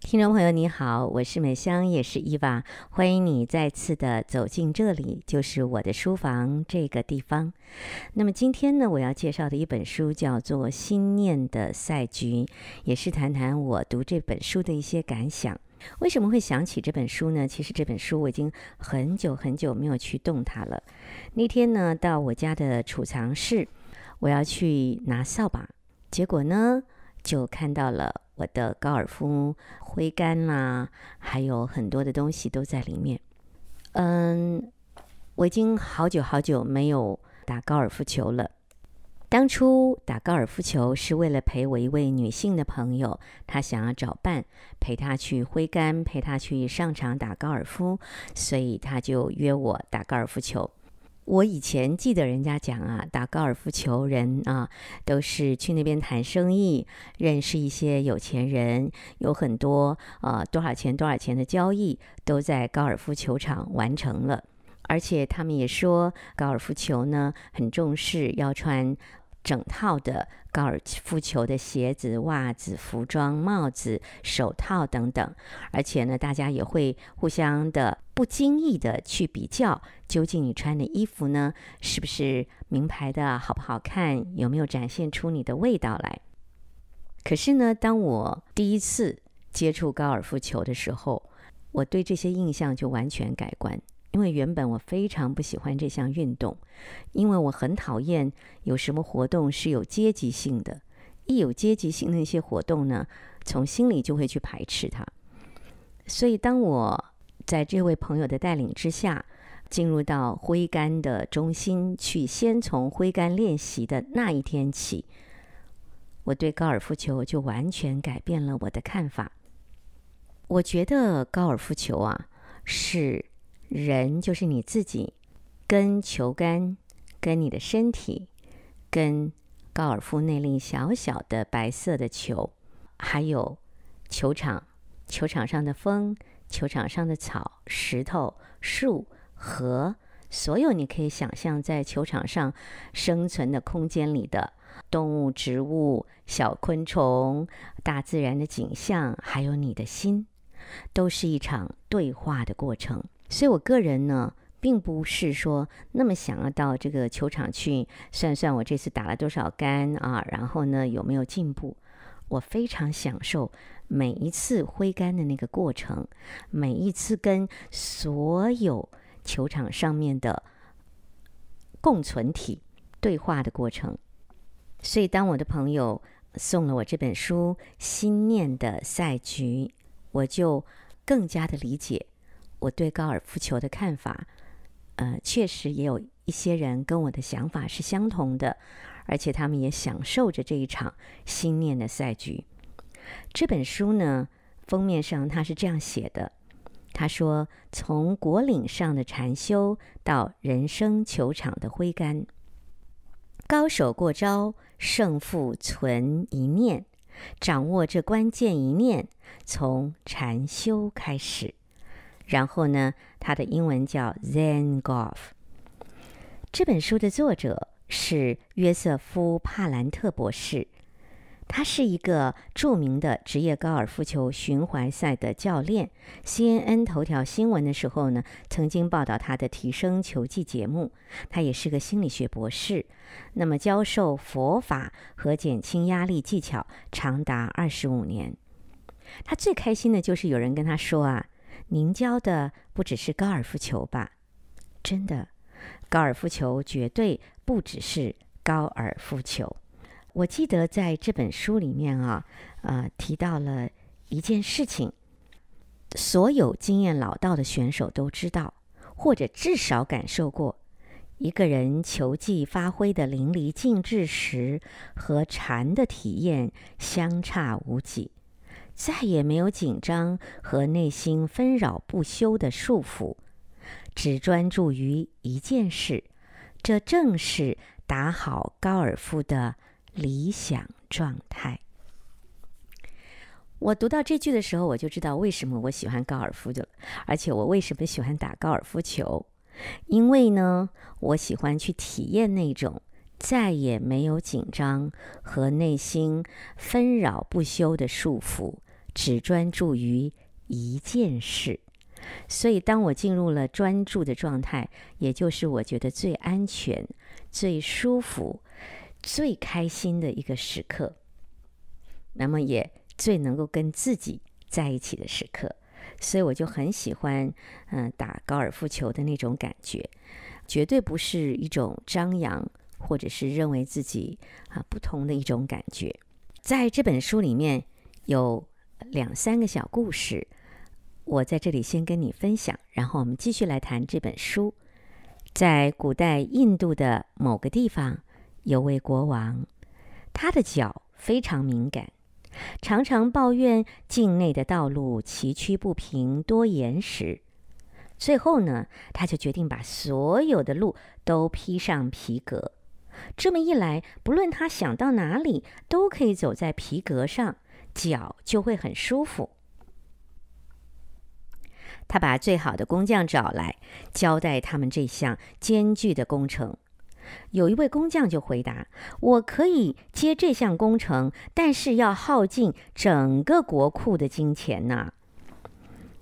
聽眾朋友，你好，我是美香，也是伊娃，歡迎你再次的走進這裡，就是我的書房這個地方。那麼今天呢，我要介紹的一本書叫做《心念的賽局》，也是談談我讀這本書的一些感想。為什麼會想起這本書呢？其實這本書我已經很久很久沒有去動它了。那天呢，到我家的儲藏室，我要去拿掃把，結果呢，就看到了。我的高爾夫揮桿啦、啊，還有很多的東西都在裡面。嗯，我已經好久好久沒有打高爾夫球了。當初打高爾夫球是為了陪我一位女性的朋友，她想要找伴，陪她去揮桿，陪她去上場打高爾夫，所以她就約我打高爾夫球。我以前記得人家講啊，打高爾夫球人啊，都是去那邊談生意，認識一些有錢人，有很多啊，多少錢多少錢的交易都在高爾夫球場完成了。而且他們也說，高爾夫球呢，很重視要穿。整套的高爾夫球的鞋子、襪子、服裝、帽子、手套等等，而且呢，大家也會互相的不經意的去比較，究竟你穿的衣服呢，是不是名牌的，好不好看，有沒有展現出你的味道來。可是呢，當我第一次接觸高爾夫球的時候，我對這些印象就完全改觀。因為原本我非常不喜歡這項運動，因為我很討厭有什麼活動是有階級性的，一有階級性的一些活動呢，從心裡就會去排斥它。所以當我在這位朋友的帶領之下，進入到揮桿的中心去，先從揮桿練習的那一天起，我對高爾夫球就完全改變了我的看法。我覺得高爾夫球啊是。人就是你自己，跟球桿，跟你的身體，跟高爾夫那粒小小的白色的球，還有球場、球場上的風、球場上的草、石頭、樹、河、所有你可以想象在球場上生存的空間裡的動物、植物、小昆蟲、大自然的景象，還有你的心，都是一場對話的過程。所以，我個人呢，並不是說那麼想要到這個球場去算算我這次打了多少桿啊，然後呢有沒有進步。我非常享受每一次揮桿的那個過程，每一次跟所有球場上面的共存體對話的過程。所以，當我的朋友送了我這本書《心念的賽局》，我就更加的理解。我對高爾夫球的看法，呃，確實也有一些人跟我的想法是相同的，而且他們也享受着這一場心念的賽局。這本書呢，封面上他是這樣寫的：“他說，從果嶺上的禪修到人生球場的揮桿，高手過招，勝負存一念，掌握這關鍵一念，從禪修開始。”然後呢，他的英文叫 Zen Golf。這本書的作者是約瑟夫·帕蘭特博士，他是一個著名的職業高爾夫球巡迴賽的教練。CNN 頭條新聞的時候呢，曾經報道他的提升球技節目。他也是個心理學博士，那麼教授佛法和減輕壓力技巧長達二十五年。他最開心的就是有人跟他說啊。您教的不只是高爾夫球吧？真的，高爾夫球絕對不只是高爾夫球。我記得在這本書裡面啊，呃，提到了一件事情：所有經驗老道的選手都知道，或者至少感受過，一個人球技發揮得淋漓盡致時，和禪的體驗相差無幾。再也沒有緊張和內心紛擾不休的束縛，只專注於一件事，這正是打好高爾夫的理想狀態。我讀到這句的時候，我就知道為什麼我喜歡高爾夫了，而且我為什麼喜歡打高爾夫球，因為呢，我喜歡去體驗那種再也沒有緊張和內心紛擾不休的束縛。只專注於一件事，所以當我進入了專注的狀態，也就是我覺得最安全、最舒服、最開心的一個時刻，那麼也最能夠跟自己在一起的時刻。所以我就很喜歡，嗯、呃，打高爾夫球的那種感覺，絕對不是一種張揚，或者是認為自己啊不同的一種感覺。在這本書裡面有。兩三個小故事，我在這裡先跟你分享，然後我們繼續來談這本書。在古代印度的某個地方，有位國王，他的腳非常敏感，常常抱怨境內的道路崎嶇不平，多岩石。最後呢，他就決定把所有的路都披上皮革。這麼一來，不論他想到哪裡，都可以走在皮革上。腳就會很舒服。他把最好的工匠找來，交代他們這項艱鉅的工程。有一位工匠就回答：“我可以接這項工程，但是要耗盡整個國庫的金錢吶。”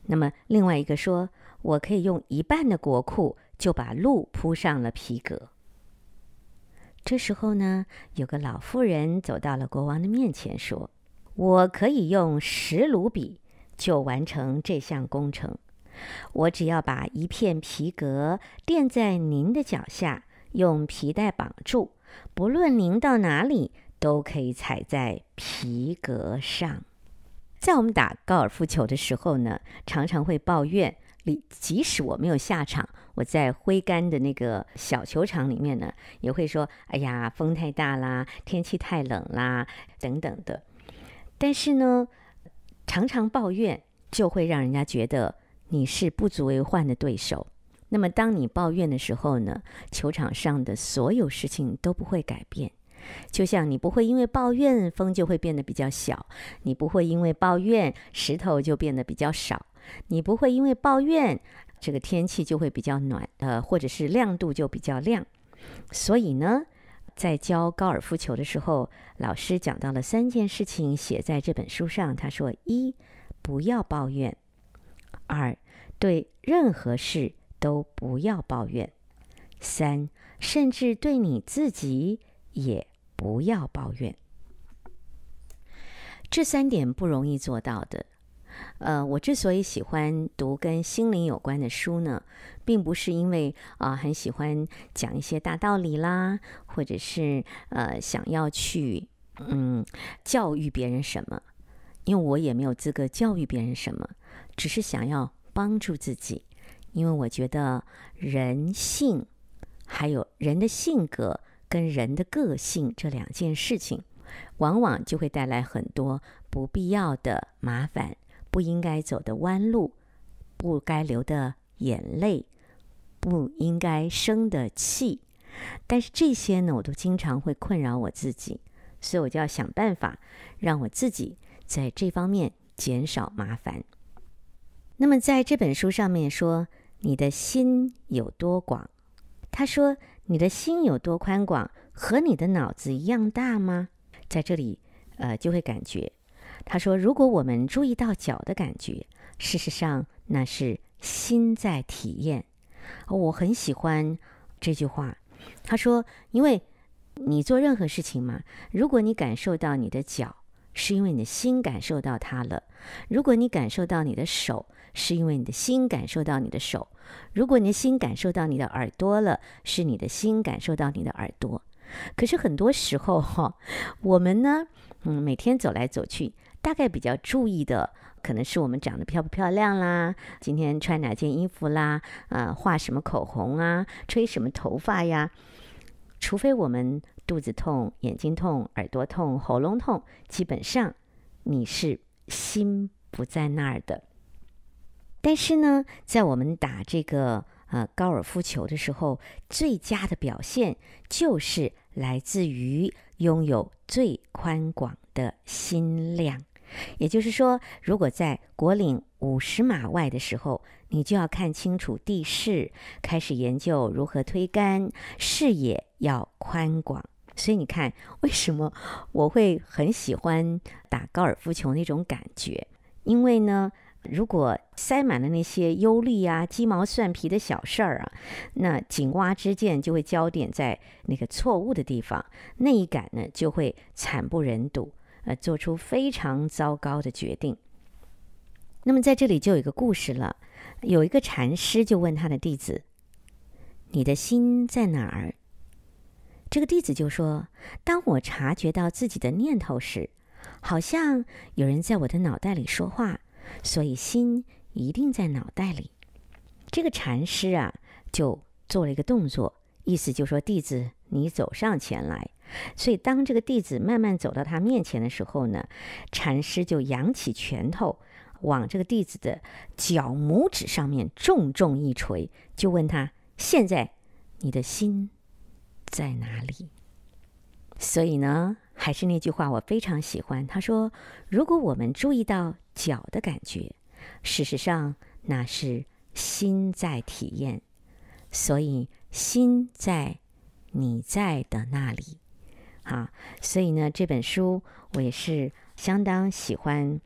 那麼另外一個說：“我可以用一半的國庫就把路鋪上了皮革。”這時候呢，有個老婦人走到了國王的面前說。我可以用十盧比就完成這項工程。我只要把一片皮革墊在您的腳下，用皮帶綁住，不論您到哪裡都可以踩在皮革上。在我們打高爾夫球的時候呢，常常會抱怨，你，即使我沒有下場，我在揮桿的那個小球場裡面呢，也會說：“哎呀，風太大啦，天氣太冷啦，等等的。”但是呢，常常抱怨就會讓人家覺得你是不足為患的對手。那麼，當你抱怨的時候呢，球場上的所有事情都不會改變。就像你不會因為抱怨風就會變得比較小，你不會因為抱怨石頭就變得比較少，你不會因為抱怨這個天氣就會比較暖，呃，或者是亮度就比較亮。所以呢。在教高爾夫球的時候，老師講到了三件事情，寫在這本書上。他說：一，不要抱怨；二，對任何事都不要抱怨；三，甚至對你自己也不要抱怨。這三點不容易做到的。呃，我之所以喜歡讀跟心靈有關的書呢，並不是因為啊、呃、很喜歡講一些大道理啦，或者是呃想要去嗯教育別人什麼，因為我也沒有資格教育別人什麼，只是想要幫助自己，因為我覺得人性還有人的性格跟人的個性這兩件事情，往往就會帶來很多不必要的麻煩。不應該走的彎路，不該流的眼淚，不應該生的氣，但是這些呢，我都經常會困擾我自己，所以我就要想辦法讓我自己在這方面減少麻煩。那麼在這本書上面說，你的心有多廣？他說，你的心有多寬廣，和你的腦子一樣大嗎？在這裡，呃，就會感覺。他說：“如果我們注意到腳的感覺，事實上那是心在體驗。我很喜歡這句話。他說：‘因為你做任何事情嘛，如果你感受到你的腳，是因為你的心感受到它了；如果你感受到你的手，是因為你的心感受到你的手；如果你的心感受到你的耳朵了，是你的心感受到你的耳朵。可是很多時候哈，我們呢，嗯，每天走來走去。”大概比較注意的，可能是我們長得漂不漂亮啦，今天穿哪件衣服啦，啊、呃，畫什麼口紅啊，吹什麼頭髮呀。除非我們肚子痛、眼睛痛、耳朵痛、喉嚨痛，基本上你是心不在那兒的。但是呢，在我們打這個呃高爾夫球的時候，最佳的表現就是來自於擁有最寬廣的心量。也就是說，如果在果嶺五十碼外的時候，你就要看清楚地勢，開始研究如何推桿，視野要寬廣。所以你看，為什麼我會很喜歡打高爾夫球那種感覺？因為呢，如果塞滿了那些憂慮啊、雞毛蒜皮的小事兒啊，那井蛙之見就會焦點在那個錯誤的地方，那一桿呢就會慘不忍睹。呃，做出非常糟糕的決定。那麼在這裡就有一個故事了，有一個禪師就問他的弟子：“你的心在哪兒？”這個弟子就說：“當我察覺到自己的念頭時，好像有人在我的腦袋裡說話，所以心一定在腦袋裡。”這個禪師啊，就做了一個動作，意思就說：“弟子，你走上前來。”所以，當這個弟子慢慢走到他面前的時候呢，禪師就揚起拳頭，往這個弟子的腳拇指上面重重一錘，就問他：“現在你的心在哪裡？”所以呢，還是那句話，我非常喜歡，他說：“如果我們注意到腳的感覺，事實上那是心在體驗，所以心在你在的那裡。”啊，所以呢，這本書我也是相當喜歡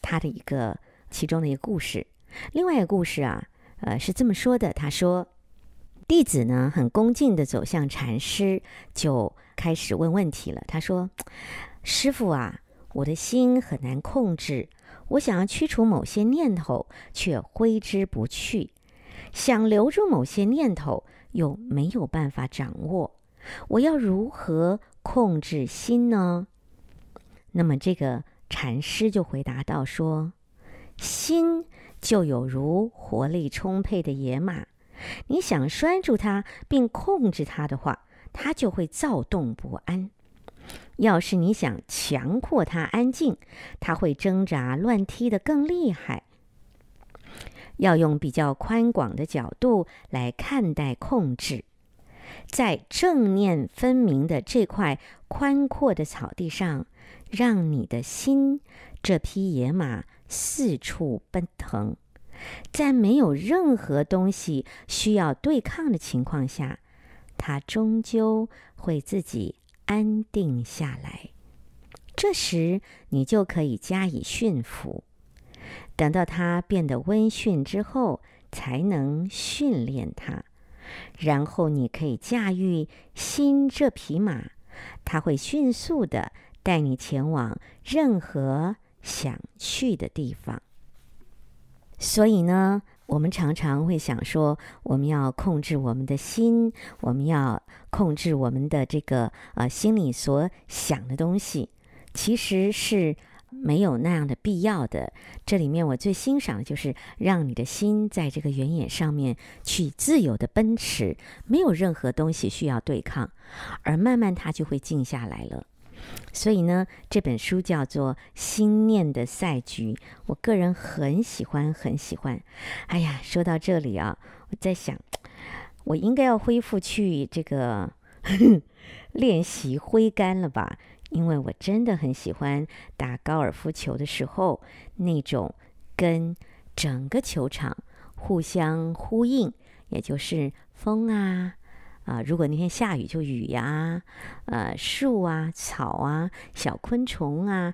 他的一個其中的一個故事。另外一個故事啊，呃，是這麼說的：他說，弟子呢很恭敬地走向禪師，就開始問問題了。他說：“師父啊，我的心很難控制，我想要驅除某些念頭卻揮之不去，想留住某些念頭又沒有辦法掌握，我要如何？”控制心呢？那麼這個禪師就回答道說：“心就有如活力充沛的野馬，你想拴住它並控制它的話，它就會躁動不安；要是你想強迫它安靜，它會掙扎亂踢得更厲害。要用比較寬廣的角度來看待控制。”在正念分明的這塊寬闊的草地上，讓你的心這匹野馬四處奔騰，在沒有任何東西需要對抗的情況下，它終究會自己安定下來。這時，你就可以加以馴服。等到它變得溫馴之後，才能訓練它。然後你可以駕馭心這匹馬，它會迅速地帶你前往任何想去的地方。所以呢，我們常常會想說，我們要控制我們的心，我們要控制我們的這個呃心裡所想的東西，其實是。沒有那樣的必要的。這裡面我最欣賞的就是讓你的心在這個原野上面去自由的奔馳，沒有任何東西需要對抗，而慢慢它就會靜下來了。所以呢，這本書叫做《心念的賽局》，我個人很喜歡，很喜歡。哎呀，說到這裡啊，我在想，我應該要恢復去這個哼練習揮桿了吧。因為我真的很喜歡打高爾夫球的時候，那種跟整個球場互相呼應，也就是風啊啊、呃，如果那天下雨就雨呀、啊，呃，樹啊、草啊、小昆蟲啊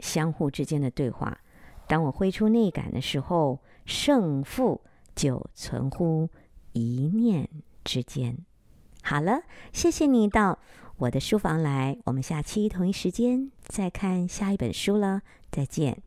相互之間的對話。當我揮出那桿的時候，勝負就存乎一念之間。好了，謝謝你到我的書房來，我們下期同一時間再看下一本書了，再見。